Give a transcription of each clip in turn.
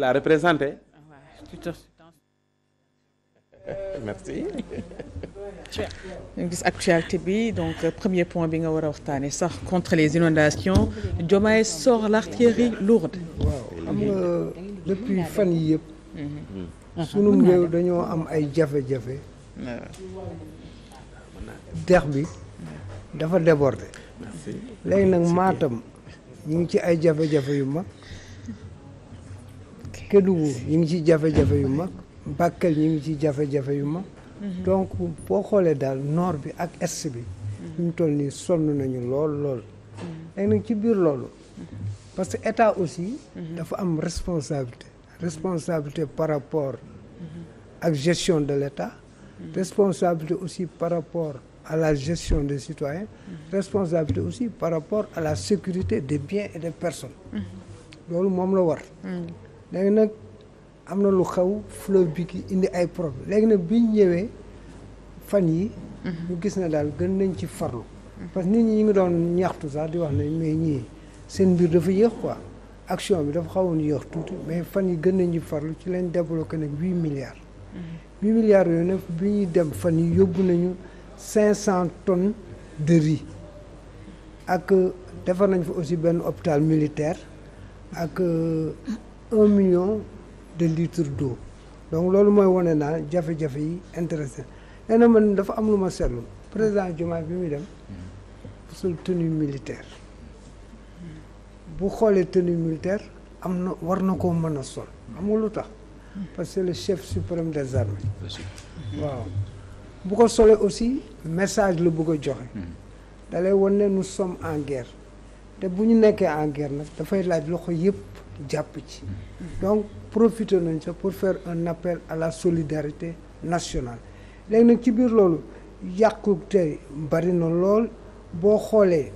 parti représenté. merci. gis actualité bi donc point bi nga war a waxtaanee sax contre les inondations Diomaye sort fan yi yëpp. Mhm. Ah, dañoo am ay jafe-jafe. dex bi dafa déborder. léegi nag Matam ñu ngi ci ay jafe-jafe yu mag. Kédougou ñu ngi ci jafe-jafe yu mag Bakel ñu ngi ci jafe-jafe yu mag mhm. donc boo xoolee daal noor bi ak est bi ñu mu toll nii sonn nañu lool lool mhm. léegi nag ci biir loolu mhm. parce que état aussi dafa am responsabilité responsabilité par rapport ak gestion de l'état responsabilité aussi par rapport à la gestion des citoyens responsabilité aussi par rapport à sécurité des biens et des personnes loolu moom la war léegi nag am na lu xew fleuve bi ki indi ay problème léegi nag bi ñëwee fan yi mhm. ñu gis na daal gën nañ ci farlu parce que nit ñi ñu ngi doon ñaxtu sax di wax ne mais ñii seen mbir dafa yéex quoi action bi dafa xawoon yéex tuuti mais fan yi gën nañ ci farlu ci leen débloqué nag huit milliards mhm. huit milliards yooyu nag bi ñuy dem fan yi yóbbu nañu cinq cent ton de riz ak defar nañ fa aussi benn hôpital militaire ak un million de litres d'eau donc loolu mooy wane naa jafe-jafe yi intéressé nee na dafa am lu ma seetlu président Diomaye bi muy dem su tenue militaire bu xoolee tenue militaire am na war na koo mën a sol amul lu tax parce que c'est le chef suprême des armées waaw bu ko solee aussi message la bëgg a joxe hmm. dalay wan ne nous sommes en guerre te bu ñu nekkee en guerre nag dafay laaj loxo yëpp jàpp ci donc profité nañ sa pour faire un appel à la solidarité nationale léegi nag ci biir loolu yàqu tey bari na lool boo xoolee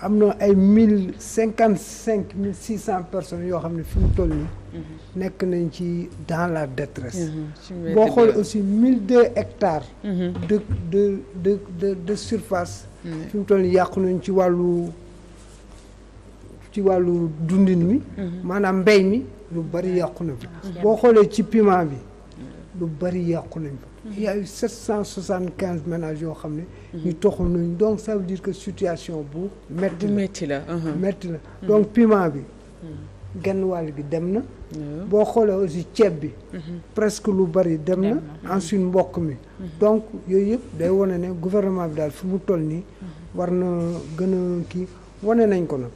am na ay mille cinquante cinq mille six cent personnes yoo xam ne fi mu toll nii mm-hmm. nekk nañ ci dans la détresse mm-hmm. boo xoolee aussi mille deux hectares mm-hmm. de de de de de surface fi mu toll nii yàqu nañ ci wàllu ci wàllu dundin mi mhm. maanaam mbéy mi lu bari yàqu na fi boo xoolee ci piman bi lu bari yàqu nañ fa mhm. il y a cent soixante quinze ménages yoo xam ne mhm. ñu toxu nañ donc ça veut que situation bu metti metti la uh-huh. metti la donc piment bi genn wàll gi dem na boo xoolee aussi ceeb bi presque lu bari dem na ensuite mbokk mi donc yooyu yëpp day wane ne gouvernement bi daal fi mu toll nii war na gën a kii wane nañ ko nag.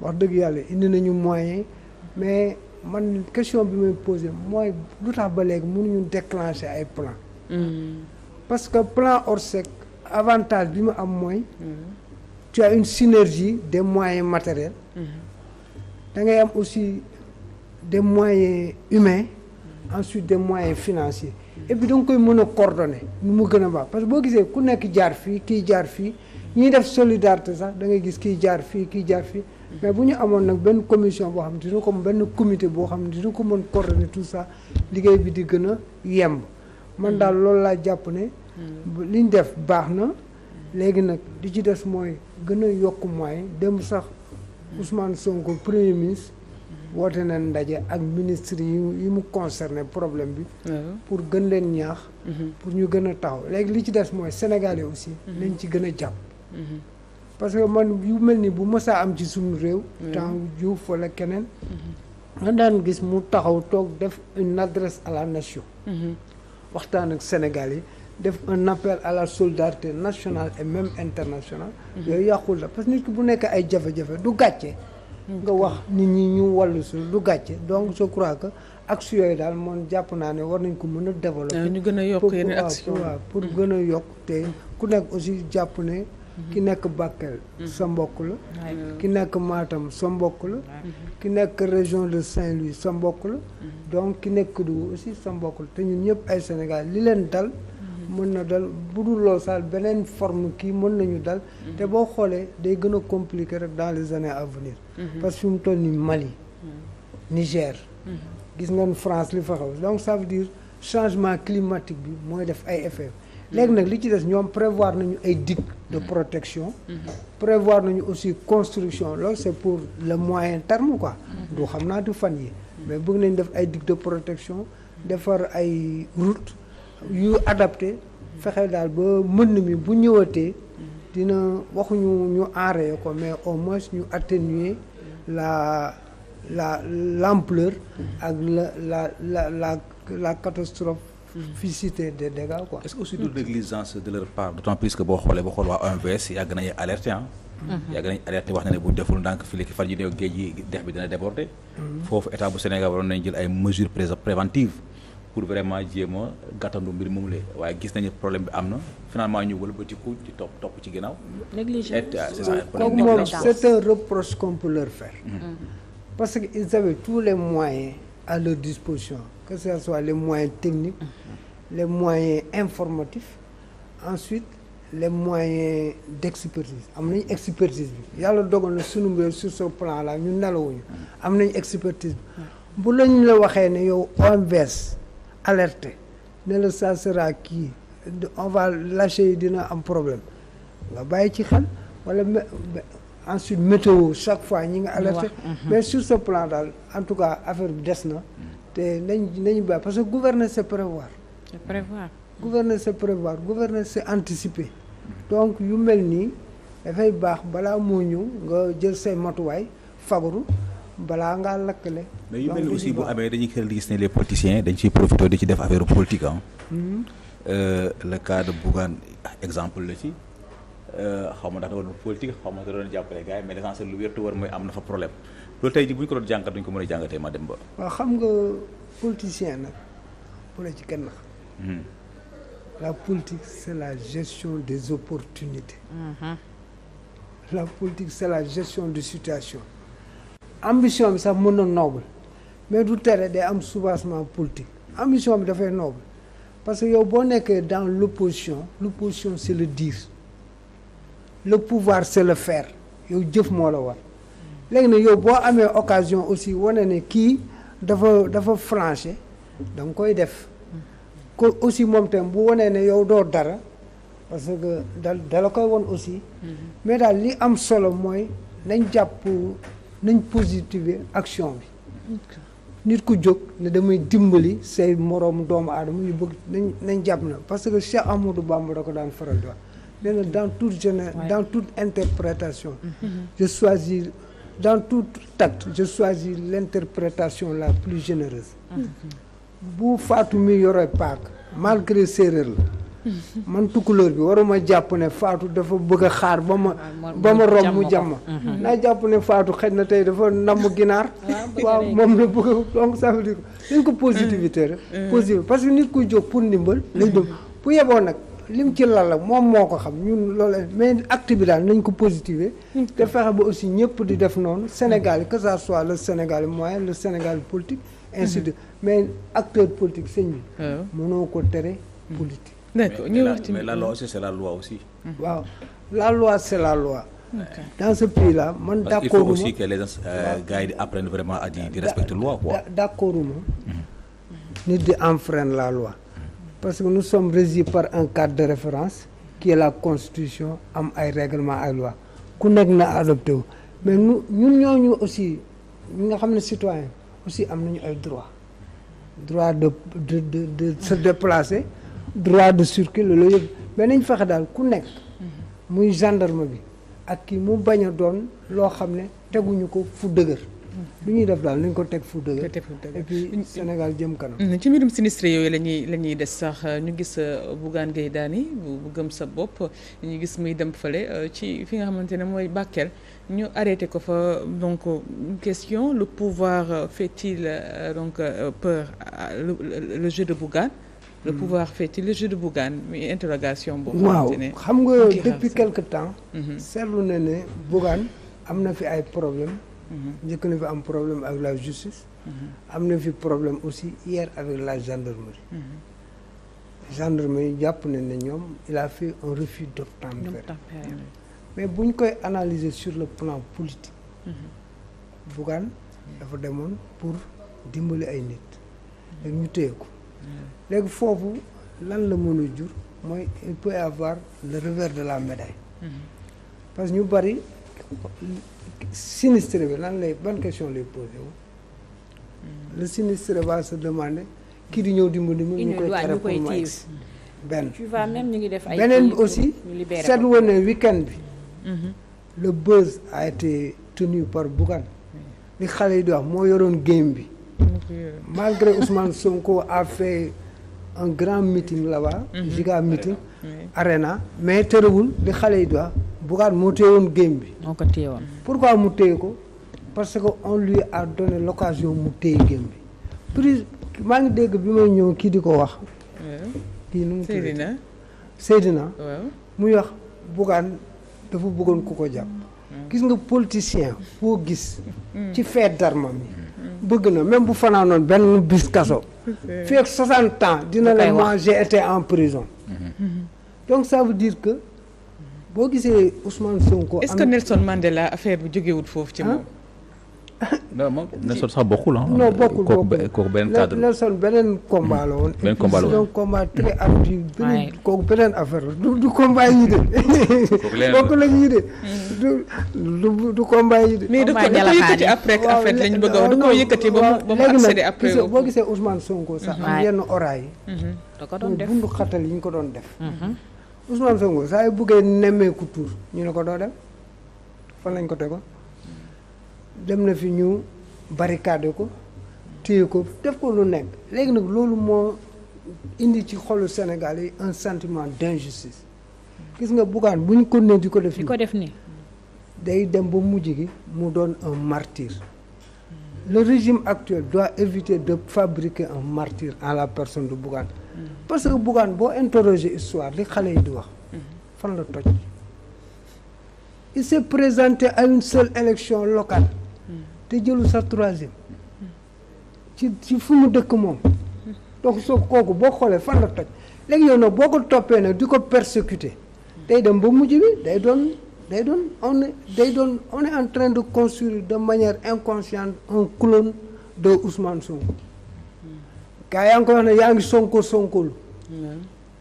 wax dëgg yàlla indi nañu moyen mais man question bi muy posé mooy lu tax ba léegi mënuñu déclencher ay plan mm. parce que plan Orsec avantage bi mu am mooy. Mm. tu as une synergie des moyens matériels. Mm. da ngay am aussi des moyens humains. ensuite des moyens financiers. et puis da nga koy mën a coordonner nu mu gën a baax parce que boo gisee ku nekk jaar fii kii jaar fii. ñuy def solidarité sax da ngay gis kiy jaar fii kiy jaar fii mais bu ñu amoon nag benn commission boo xam ne dina ko benn comité boo xam ne dina ko mën coordonner tout sax liggéey bi di gën a yemb man daal loolu laa jàpp ne mm. li ñu def baax na léegi nag di ci des mooy gën a yokk moyen dem sax Ousmane Sonko premier ministre woote na ndaje ak ministre yi mu concerné problème bi pour gën leen ñaax mm-hmm. pour ñu gën a taxaw léegi li ci des mooy Sénégalais aussi mm-hmm. nañ ci gën a jàpp parce que man yu mel ni bu mësaa am ci suñu réew. temps Diouf wala keneen. nga daan gis mu taxaw toog def une adresse à la nation. waxtaan ak Sénégal yi def un appel à la solidarité nationale et même internationale. yooy yàqul la parce que nit ki bu nekk ay jafe-jafe du gàcce. nga wax nit ñi ñu wàllu su du gàcce donc je crois que action yooyu daal moom jàpp naa ne war nañ ko mën a développer. Ah, ñu gën a yokk yeneen action pour gën a yokk te ku nekk aussi jàpp ne. ki nekk Bakel sa mbokk la ki nekk maatam sa mbokk la ki nekk région de Saint-Louis sa mbokk la donc ki nekk Kédougou aussi sa mbokk la te ñun ñëpp ay Sénégal li leen dal mën na dal bu dul lool sax beneen forme kii mën nañu dal te boo xoolee day gën a compliqué rek dans les années à venir parce que fi mu Mali Niger gis ngeen France li fa xew donc ça veut changement climatique bi mooy def ay effet léegi nag li ci des ñoom prévoir nañu ay digues de mm-hmm. protection mm-hmm. prévoir nañu aussi construction loolu c'est pour le moyen terme quoi mm-hmm. du xam naa fan yi mais bëgg nañ def ay digues de protection defar ay route yu adapté fexe daal ba mën mi bu ñëwatee dina waxuñu ñu enrayer ko mais au moins ñu atténuer la la l'ampleur ak la la la la la catastrophe fiscité des dégâts quoi. est-ce que aussi du négligence de leur part d'autant plus que boo xoolee boo xool waa OMVS yàgg nañu alerté mhm. yàgg nañu alerté wax na ne bu deful ndànk fii léegi fan yi néew géej gi dex bi dina déborder. Mhm. foofu état bu Sénégal waroon nañu jël ay mesures préventives pour vraiment jéem a gàttandu mbir moom la waaye gis nañu problème bi am na finalement ñu wëlbatiku ci topp topp ci ginnaaw. négligence euh, c'est ça problème négligence a leur disposition, que ce soit les moyens technique mhm. les moyens informatifs, ensuite les moyens d'expertise am nañ expertise bi yàlla dogal na sunu mbir sur ce plan là ñu nelawuñu mhm. am nañ expertise bi bu lañ la waxee ne yow OMVS alerte ne la ça sera kii on va lâcher yi dina am problème nga bàyyi ci xel wala ensuite météo chaque fois ñi nga alerté mhm. mais sur ce plan daal en tout cas affaire bi des na te nañ nañu bàyyi parce que gouverne c'est prévoir c'est prévoir gouverner c'est prévoir gouverner c'est anticiper donc yu mel nii dafay baax balaa moo ñëw nga jël say matuwaay fagaru balaa ngaa lakkale. mais yu mel ni aussi bu amee dañuy xel di gis ne les politiciens dañ ciy profité di ci def affaire politique ah. Mhm. Euh, le cas de exemple la ci. Euh, xaw ma ndax da doon politique xaw ma da doon jàppale gars yi mais l'essentiel lu wér te mooy am na fa problème loolu tey ji bu ñu ko doon jàngat duñ ko mën a jàngatee ma dem ba. waaw xam nga politicien nag bu la ci kenn nax. Hmm. la politique c'est la gestion des opportunités. Mmh. la politique c'est la gestion des situations. ambition bi sax mën na noble mais du tere day am soubassement politique ambition bi dafay noble parce que yow boo nekkee dans l'opposition l'opposition c'est le dire. le pouvoir c'est le fair yow jëf moo la wan léegi nag yow boo amee occasion aussi wane ne kii dafa dafa franché danga koy def ko aussi moom tam bu wanee ne yow doo dara parce que da dala koy won aussi mm-hmm. mais daal li am solo mooy nañ jàpp nañ positiver action bi nit ku jóg ne damay dimbali say moroom doomu aadama yu bëgg nañ nañ jàpp na parce que Cheikh Amadou Bamba da ko daan faral di nee dans toute jeunesse dans tout interprétation je choisis dans tout tact je choisis l'interprétation la plus généreuse bu faatu mi yore la man tukkulóor bi waruma jàpp ne faatu dafa bëgg a xaar ba ma ah, ba mu jàmm mhm. naa jàpp ne faatu xëy na tey dafa namm ginaar waaw moom la bëgg donc ça veut dire dañ ko mhm. mhm. positivité parce que nit kuy jóg pour ndimbal lañ dem bu yeboo nag lim ci lal la moom moo ko xam ñun loolu mais acte bi daal nañ ko positiver. te fexe ba aussi ñëpp di def noonu Sénégal que ça soit le Sénégal moyen le Sénégal politique. ainsi de mhm. mais acteur politique sëñ bi. Ah mënoo ko tere mhm. politique. d'accord ñu wax ci mais la loi aussi c'est la loi aussi. Mhm. waaw la loi c'est la loi. dans ce pays là man d'accord. il faut aussi que les euh, gars yi di apprennent vraiment à di respecter loi di enfreindre la loi. parce que nous sommes régis par un cadre de référence qui la constitution am ay réglement ay loi ku nekk na adopté wu mais ñun ñooñu aussi ñi nga xam ne citoyen aussi am nañu ay droit droit de de de de se déplacer droit de circuler loolu yëpp mais nañ fexe daal ku nekk muy gendarme bi ak ki mu bañ a doon loo xam ne teguñu ko fu dëgër lu ñuy def daal nañ ko teg fu dëgg et Sénégal jëm kanam. Mm-hmm. ci mbirum sinistre yooyu la ñuy la ñuy des sax ñu gis euh, Bougane Gueye Dany bu gëm sa bopp ñu gis muy dem fale euh, ci fi nga xamante ne mooy Bakel ñu arrêté ko fa donc euh, question le pouvoir fait-il donc peur le, jeu de Bougane. le mm-hmm. pouvoir fait-il le jeu de Bougane muy interogation boobu xamante ne xam nga depuis quelque temps. Mm-hmm. seetlu na ne Bougane am na fi ay problème Mhm. njëkk na fi am problème ak la justice. Mhm. am na fi problème aussi hier avec la gendarmerie. Mhm. gendarmerie jàpp na ne ñoom il a fait un refus d'obtempérer mais bu ñu koy analyser sur le plan politique. Bougane dafa demoon pour dimbali ay nit. léegi téye ko. léegi foofu lan la mën a jur mooy il peut y avoir le revers de la médaille. parce que ñu bari. sinistre bi lan lay ban question lay posé wu. Hmm. le sinistre va se demander. kii di ñëw dimbal ma ñu koy. koy tiir benn. tu vois ñu ngi def ay beneen aussi set woon ne bi. Mhm. le buzz a été tenu par Bougane. li xale yi di wax moo yoroon game bi. malgré Ousmane Sonko a fait un grand meeting là-bas. Mhm. giga meeting. arena mais tërëwul li xale yi di wax. Bougane moo téyewoon game bi. moo ko téyewoon. pourquoi mu téye ko parce que on lui a donné l'occasion mu téye game bi prise maa ngi dégg bi may ñëw kii di ko wax. kii nu mu tudd Seydina. Seydina. waaw muy wax Bougane dafa bëggoon ku ko jàpp. Hmm. gis nga politicien boo gis. Hmm. ci feet d'armes mi bëgg na même bu fanaanoon benn bis kaso. fekk 60 ans dina la. dina la en prison. Hmm. donc ça veut que. boo gisee Ousmane Sonko. est-ce que Nelson Mandela affaire bi jógewut foofu ci moom. Ah. non moom Nelson sax bokkul ah. non bokkul bokkul kooku beneen cadre Nelson beneen combat la woon. beneen combat la woon kooku beneen affaire du du combat yi de. bokk la ñuy de. Mm. du du du combat de. mais da ko yëkkati après affaire lañ bëgg a wax da koo yëkkati ba mu ba mu accédé après. boo gisee Ousmane Sonko sax am yenn oraay. Mm-hmm. ko doon def yi ñu ko doon def. Mm-hmm. Ousmane Sonko saa yu buggee nemmeeku tur ñu ne ko doo dem fan lañ ko tegoon dem na fi ñu barricade ko téye ko def ko lu nekk léegi nag loolu moo indi ci xolu Sénégal yi un sentiment d'injustice gis nga Bougane bu ñu ko nee di ko def di ko def nii day dem ba mujj gi mu doon un martyr le régime actuel doit éviter de fabriquer un martyr en la personne de Bougane parce que Bougane boo interroger histoire li xale yi di wax fan la toj il s'est présenté à une seule élection locale te jëlu sa troisième ci ci fu dëkk moom donc soo kooku boo xoolee fan la toj léegi yow nag boo ko toppee nag di ko persécuter day dem ba mujj bi day doon day doon on day doon on en train de construire de manière inconsciente un clone de Ousmane Sonko gaa yaa ngi koy wax ne yaa ngi sonko sonkolu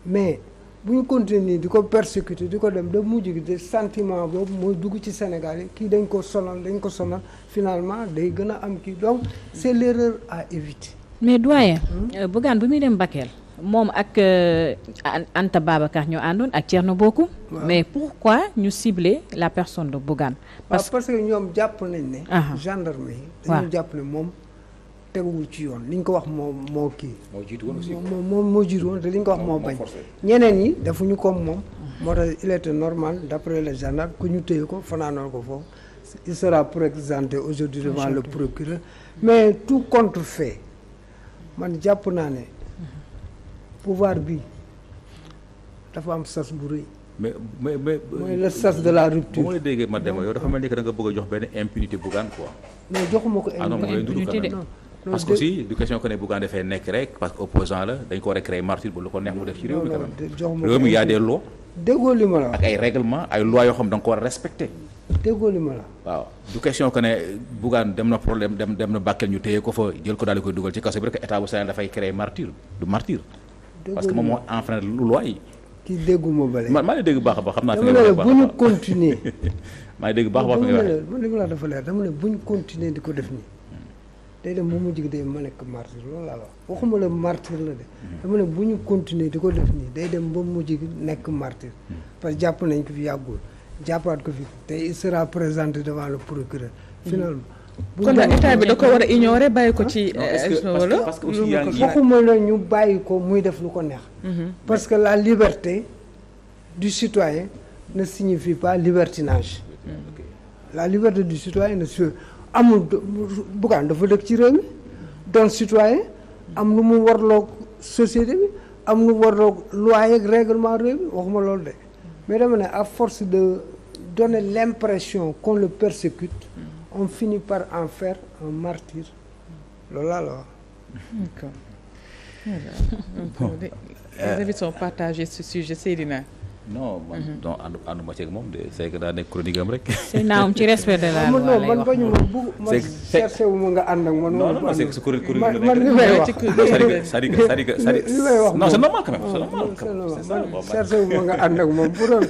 mais bu ñu continuer nii di ko persécuter di ko dem da mujj gi de sentiment boobu mooy dugg ci Sénégal yi kii dañ ko sonal dañ ko sonal finalement day gën a am kii donc c'est l'erreur à éviter mais doyen hmm? euh, Bougane bu muy dem Bakel moom ak euh, Anta Babacar ñoo àndoon ak Thierno Bocoum mais pourquoi ñu cibler la personne de Bougane parce que ñoom jàpp nañ ne gendarme yi dañu jàpp ne moom teguwul ci yoon li ñu ko wax moo moo kii. moo jiitu woon aussi moom moo jiitu woon te li ñu ko wax moo bañ. ñeneen ñi defuñu comme moom. moo tax il était normal d'après les gendarmes que ñu téye ko fanaanoon ko foofu il sera présenté aujourd'hui devant le procureur mais tout compte fait man jàpp naa ne pouvoir bi dafa am sas bu rëy. mais mais mais. Euh, mooy sas de la rupture. bu ma la déggee ma dema yow dafa mel ni que bëgg jox benn impunité bu gaan quoi. mais joxuma ko ah impunité de parce que aussi du question que ne Bougane dafay nekk rek parce que opposant la dañ ko war a créer martyr bu lu ko neex mu def ci réew mi y a des lois déggoo li ma la ak ay règlement ay lois yoo xam ko ne Bougane dem na problème dem dem na Bakel ñu téye ko fa jël ko daal di koy dugal ci kaso bi rek état bu Sénégal dafay créer martyr du martyr parce que moom moo enfreindre lu loi yi ki dégguma bale maa maa dégg baax a baax xam naa dama ne bu ñu continuer maa ngi dégg baax a baax dama ne dama ne bu ñu continuer di ko def nii day dem bu mujj day ma nekk martyr loolu laa wax waxuma la martyr la de dama ne bu ñu continuer di ko def nii day dem ba mujj nekk martyr parce que da ko war a ignorer bàyyi ko ci ah. euh, wala la ñu bàyyi ko muy def lu ko neex mhm. parce que la liberté du citoyen ne signifie pas libertinage la liberté du citoyen ne amul Bougane dafa dëkk ci réew mi doon citoyen am lu mu warloog société bi am lu mu warloog loi yeeg réew mi waxuma loolu de mais dama à force de donner l'impression qu'on le persécute on finit par en faire un martyr loolu laa la wax. d'accord. Bon. Euh, sujet Seydina. non ma nga ànd ak man. non non c'est que su kuréel kuréel la nekk rek man li may wax non c'est normal quand même c'est normal. c'est normal cherché wu ma nga ànd ak moom bu doon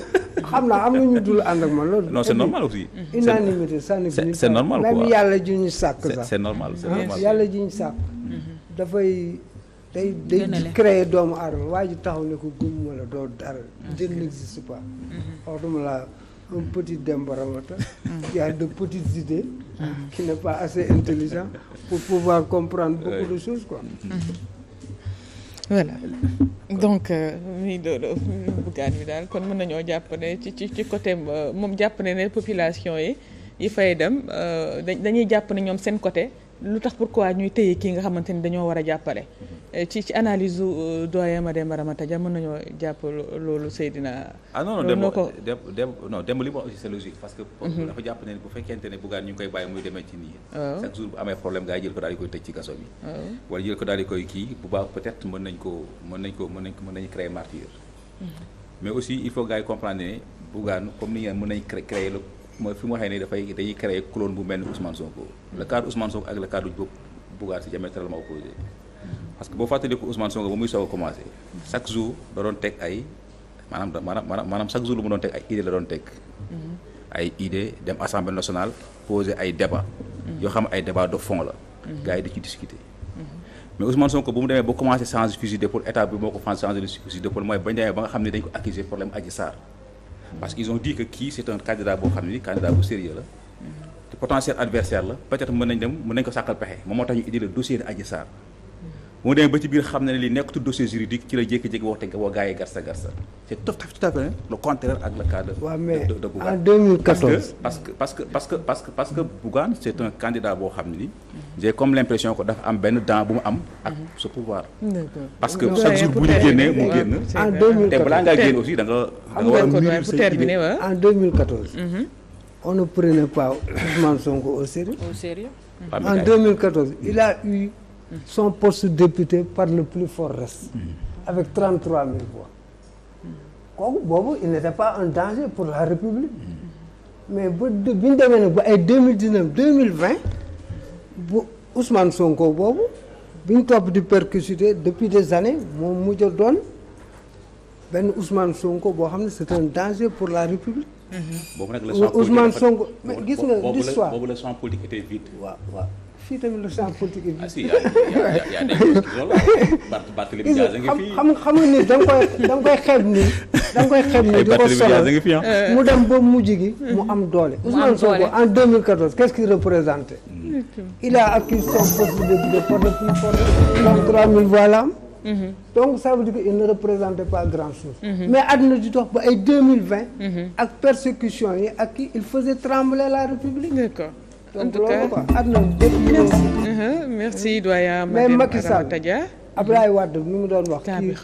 xam naa am na ñu dul ànd ak man loolu. non c'est normal aussi. unanimité sànni c'est c'est normal quoi même yàlla ju ñu sàkk sax. c'est normal yàlla ju ñu sàkk mhm. dafay. day day créer doomu aadama waa ju taxaw ne ko gum wala doo dara je n'existe pas mm-hmm. waxtuma la un petit Demba Ramata qui mm. a de petites idées mm-hmm. qui n'est pas assez intelligent pour pouvoir comprendre beaucoup de choses quoi mm-hmm. voilà donc muy euh, loolu buggaan bi daal kon mën nañoo jàpp ci ci ci côté euh, moom jàpp ne ne population yi yi fay dem euh, dañuy jàpp ne ñoom seen côté lu tax pourquoi ñuy téye kii nga xamante ni dañoo war a jàppale. Eh, ci ci analyse su euh, doyen Mademba Ramata Dia mën nañoo jàpp loolu Seydina. ah non non dem non dem li mu aussi c'est logique mhm. parce que. dafa jàpp ne bu fekkente ne Bougane ñu ngi koy bàyyi muy demee ci nii. chaque jour bu amee problème gars yi jël ko daal di koy tëj ci kaso bi. wala jël ko daal di koy kii bu baax peut-être mën nañ ko mën nañ ko mën nañ ko mën nañu créer martyr. Mhm. mais aussi il faut gars yi comprendre ne Bougane comme ni ngeen mën nañ créer le. mooy fi mu waxee ne dafay dañuy créer clone bu mel ni Ousmane Sonko. le cadre Ousmane Sonko ak le cadre bu Bougar si diamétralement opposé parce que boo fàttaliku Ousmane Sonko ba muy bu mu demee ba commencé changer fusil d'épaule état bi moo ko fan changer fusil mooy bañ demee ba nga xam ne dañ ko accuser problème Adji Sarr. parce qu'ils ont dit que kii c'est un candidat boo xam ne candidat bu sérieux la mm. te adversaire la peut mën nañ dem mën nañ ko sàkkal pexe moom moo tax ñu indi le dossier de Adji Sarr moo demee ba ci biir xam ne li nekkutu dossier juridique ci la jékki-jékki wax te woo garsa garsa c' contraire ak le cas de. waaw mais de parce que parce que parce que parce que parce candidat boo xam ne nii. j'ai comme l' impression dafa am benn dent bu mu am. ak ce pouvoir. parce que chaque jour bu ñu génnee mu génn. te balaa ngaa génn aussi da nga. war a mûrir sa idée en mhm. ne prenait pas Sonko au sérieux. au sérieux. en 2014 il son poste de député par le plus fort reste. avec 33 000 voix. kooku boobu il n'était pas un danger pour la République. mais ba de ñu demee nag ba ay deux mille dix neuf mille vingt bu Ousmane Sonko boobu bi ñu topp di persécuter depuis des années moom mujj a doon benn Ousmane Sonko boo xam ne c'est un danger pour la République. boobu nag la Ousmane Sonko. gis nga l'histoire boobu la fii tamit le ah, si yaa yaa xam xam nga ni da nga koy da nga koy xeeb da nga koy xeeb nii di ko soxla ah. euh. mu dem ba mujj gi. mu am doole Ousmane Sonko en 2014 qu'est-ce qu'il il a acquis son poste de de porte plus fort 33000 voix la am. donc ça veut dire qu'il ne représentait pas grand chose. Mm-hmm. mais àdduna di dox ba ay mm-hmm. ak persécution yi ak il faisait trembler la république. en tout cas merci uh-huh. merci doyen Mademba Ramata Dia Ablaye Wade mi mu doon wax